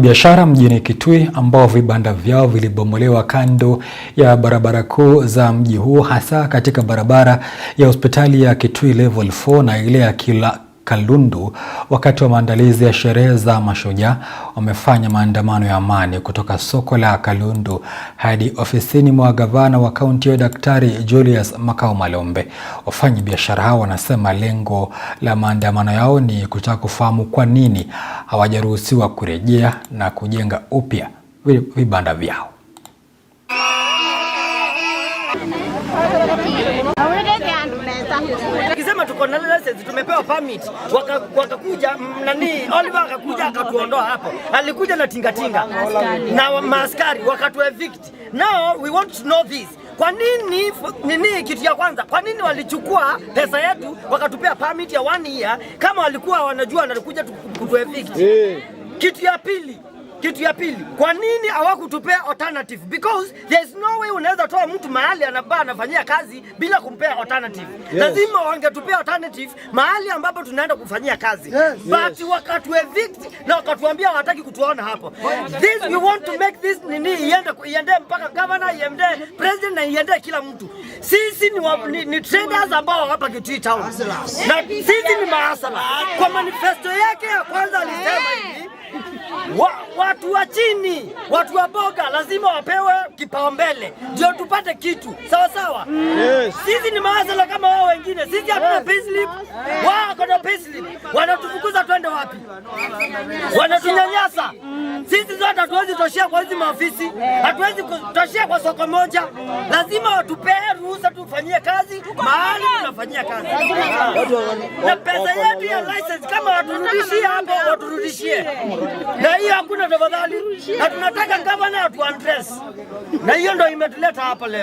biashara mjini Kitui ambao vibanda vyao vilibomolewa kando ya barabara kuu za mji huo hasa katika barabara ya hospitali ya Kitui Level 4 na ile ya kila Kalundu wakati wa maandalizi ya sherehe za mashujaa wamefanya maandamano ya amani kutoka soko la Kalundu hadi ofisini mwa gavana wa kaunti hiyo Daktari Julius Makau Malombe. biashara hao wanasema lengo la maandamano yao ni kutaka kufahamu kwa nini hawajaruhusiwa kurejea na kujenga upya vibanda vyao. Kisema tuko na license, tumepewa permit, wakakuja waka mm, nani Oliver akakuja akatuondoa hapo, alikuja na tingatinga tinga na maaskari wakatu evict. Now we want to know this kwa nini nini? Kitu ya kwanza, kwa nini walichukua pesa yetu wakatupea permit ya one year kama walikuwa wanajua wanakuja kutu evict? Eh. Kitu ya pili kitu ya pili, kwa nini hawakutupea alternative? Because there is no way unaweza toa mtu mahali anabaa anafanyia kazi bila kumpea alternative. Lazima yes. wangetupea alternative mahali ambapo tunaenda kufanyia kazi yes. But yes. wakatu evict na wakatuambia hawataki kutuona hapo yes. This we want to make this nini iende iende mpaka governor, iende president na iende kila mtu. Sisi ni, wa, ni, ni traders ambao hapa Kitui town na sisi ni maasala. Kwa manifesto yake ya kwanza alisema hivi Wa, wa watu wa chini, watu wa boga lazima wapewe kipaumbele ndio tupate kitu sawa sawa. Yes. Sisi ni maasela kama wao wengine, sisi hatuna payslip, wao wako na payslip. Wanatufukuza twende wapi? Wanatunyanyasa. Sisi zote hatuwezi toshea kwa hizi maofisi, eh. hatuwezi kutoshea kwa soko moja. Lazima watupee ruhusa tufanyie kazi mahali tunafanyia kazi, ah. na pesa yetu ya license kama waturudishie hapo, waturudishie. Na hiyo hakuna tafadhali, na tunataka gavana atuandress, na hiyo ndio imetuleta hapa leo.